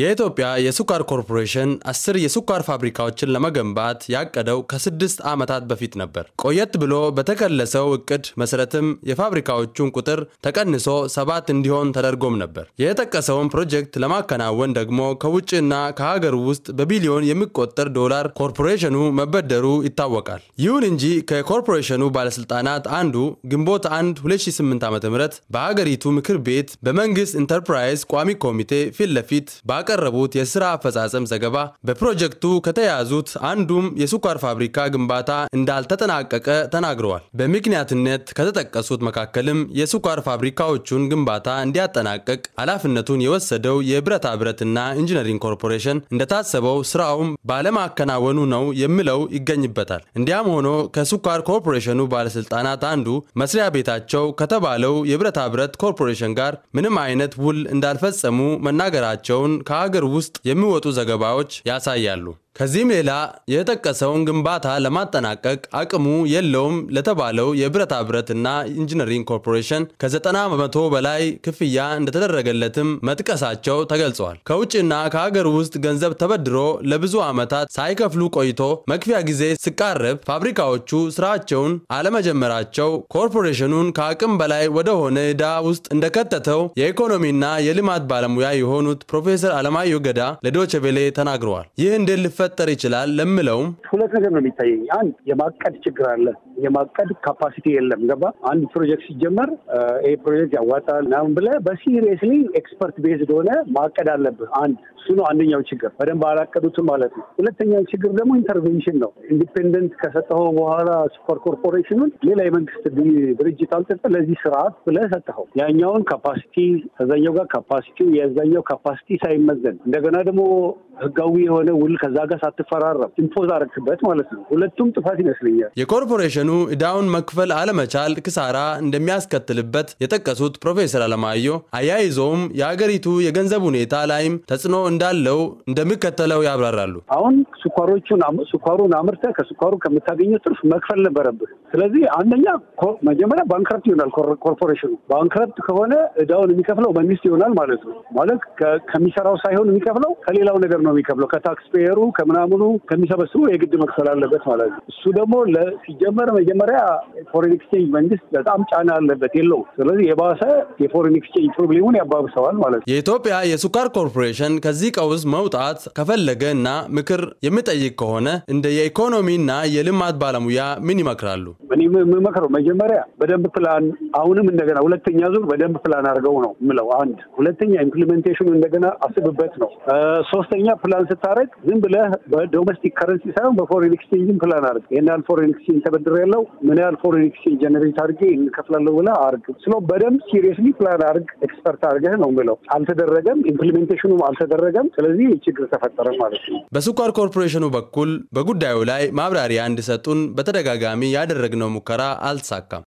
የኢትዮጵያ የስኳር ኮርፖሬሽን አስር የስኳር ፋብሪካዎችን ለመገንባት ያቀደው ከስድስት ዓመታት በፊት ነበር። ቆየት ብሎ በተከለሰው እቅድ መሰረትም የፋብሪካዎቹን ቁጥር ተቀንሶ ሰባት እንዲሆን ተደርጎም ነበር። የተጠቀሰውን ፕሮጀክት ለማከናወን ደግሞ ከውጭና ከሀገር ውስጥ በቢሊዮን የሚቆጠር ዶላር ኮርፖሬሽኑ መበደሩ ይታወቃል። ይሁን እንጂ ከኮርፖሬሽኑ ባለስልጣናት አንዱ ግንቦት 1 2008 ዓ ም በሀገሪቱ ምክር ቤት በመንግስት ኢንተርፕራይዝ ቋሚ ኮሚቴ ፊት ለፊት ባቀረቡት የስራ አፈጻጸም ዘገባ በፕሮጀክቱ ከተያዙት አንዱም የስኳር ፋብሪካ ግንባታ እንዳልተጠናቀቀ ተናግረዋል። በምክንያትነት ከተጠቀሱት መካከልም የስኳር ፋብሪካዎቹን ግንባታ እንዲያጠናቀቅ ኃላፊነቱን የወሰደው የብረታ ብረትና ኢንጂነሪንግ ኮርፖሬሽን እንደታሰበው ስራውም ባለማከናወኑ ነው የሚለው ይገኝበታል። እንዲያም ሆኖ ከስኳር ኮርፖሬሽኑ ባለስልጣናት አንዱ መስሪያ ቤታቸው ከተባለው የብረታ ብረት ኮርፖሬሽን ጋር ምንም አይነት ውል እንዳልፈጸሙ መናገራቸውን ከ በሀገር ውስጥ የሚወጡ ዘገባዎች ያሳያሉ። ከዚህም ሌላ የጠቀሰውን ግንባታ ለማጠናቀቅ አቅሙ የለውም ለተባለው የብረታ ብረትና ኢንጂነሪንግ ኮርፖሬሽን ከ90 በመቶ በላይ ክፍያ እንደተደረገለትም መጥቀሳቸው ተገልጿል። ከውጭና ከሀገር ውስጥ ገንዘብ ተበድሮ ለብዙ ዓመታት ሳይከፍሉ ቆይቶ መክፊያ ጊዜ ሲቃረብ ፋብሪካዎቹ ስራቸውን አለመጀመራቸው ኮርፖሬሽኑን ከአቅም በላይ ወደሆነ ዕዳ ውስጥ እንደከተተው የኢኮኖሚና የልማት ባለሙያ የሆኑት ፕሮፌሰር አለማየሁ ገዳ ለዶችቬሌ ተናግረዋል። ይህ እንድልፈ ሊፈጠር ይችላል ለምለውም ሁለት ነገር ነው የሚታየኝ። አንድ የማቀድ ችግር አለ። የማቀድ ካፓሲቲ የለም። ገባ አንድ ፕሮጀክት ሲጀመር ይህ ፕሮጀክት ያዋጣል ምናምን ብለህ በሲሪየስሊ ኤክስፐርት ቤዝድ ሆነ ማቀድ አለብህ። አንድ እሱ ነው አንደኛው ችግር፣ በደንብ አላቀዱትም ማለት ነው። ሁለተኛው ችግር ደግሞ ኢንተርቬንሽን ነው። ኢንዲፔንደንት ከሰጠኸው በኋላ ሱፐር ኮርፖሬሽኑን ሌላ የመንግስት ድርጅት አምጥተህ ለዚህ ስርዓት ብለህ ሰጠኸው። ያኛውን ካፓሲቲ ከዛኛው ጋር ካፓሲቲው የዛኛው ካፓሲቲ ሳይመዘን እንደገና ደግሞ ህጋዊ የሆነ ውል ከዛ ጋር ሳትፈራረም ኢምፖዝ አረግክበት ማለት ነው። ሁለቱም ጥፋት ይመስለኛል። የኮርፖሬሽኑ እዳውን መክፈል አለመቻል ክሳራ እንደሚያስከትልበት የጠቀሱት ፕሮፌሰር አለማየሁ አያይዘውም የሀገሪቱ የገንዘብ ሁኔታ ላይም ተጽዕኖ እንዳለው እንደሚከተለው ያብራራሉ። አሁን ስኳሮቹን ስኳሩን አምርተ ከስኳሩ ከምታገኘው ትርፍ መክፈል ነበረብህ። ስለዚህ አንደኛ መጀመሪያ ባንክረፕት ይሆናል ኮርፖሬሽኑ። ባንክረፕት ከሆነ እዳውን የሚከፍለው መንግስት ይሆናል ማለት ነው። ማለት ከሚሰራው ሳይሆን የሚከፍለው ከሌላው ነገር ነው ነው የሚከፍለው ከታክስፔየሩ ከምናምኑ ከሚሰበስቡ የግድ መክፈል አለበት ማለት ነው። እሱ ደግሞ ሲጀመር መጀመሪያ ፎሬን ኤክስቼንጅ መንግስት በጣም ጫና አለበት የለው። ስለዚህ የባሰ የፎሬን ኤክስቼንጅ ፕሮብሌሙን ያባብሰዋል ማለት ነው። የኢትዮጵያ የሱካር ኮርፖሬሽን ከዚህ ቀውስ መውጣት ከፈለገ እና ምክር የሚጠይቅ ከሆነ እንደ የኢኮኖሚና የልማት ባለሙያ ምን ይመክራሉ? የምመክረው መጀመሪያ በደንብ ፕላን፣ አሁንም እንደገና ሁለተኛ ዙር በደንብ ፕላን አድርገው ነው ምለው። አንድ ሁለተኛ ኢምፕሊሜንቴሽኑ እንደገና አስብበት ነው። ሶስተኛ ፕላን ስታደረግ ዝም ብለህ በዶሜስቲክ ከረንሲ ሳይሆን በፎሬን ኤክስቼንጅን ፕላን አድርግ። ይህን ያህል ፎሬን ኤክስቼንጅ ተበድር ያለው ምን ያህል ፎሬን ኤክስቼንጅ ጀነሬት አድርጌ እንከፍላለሁ ብለህ አድርግ። ስለ በደንብ ሲሪየስሊ ፕላን አድርግ። ኤክስፐርት አድርገህ ነው ብለው አልተደረገም። ኢምፕሊሜንቴሽኑም አልተደረገም። ስለዚህ ችግር ተፈጠረ ማለት ነው። በስኳር ኮርፖሬሽኑ በኩል በጉዳዩ ላይ ማብራሪያ እንዲሰጡን በተደጋጋሚ ያደረግነው ሙከራ አልተሳካም።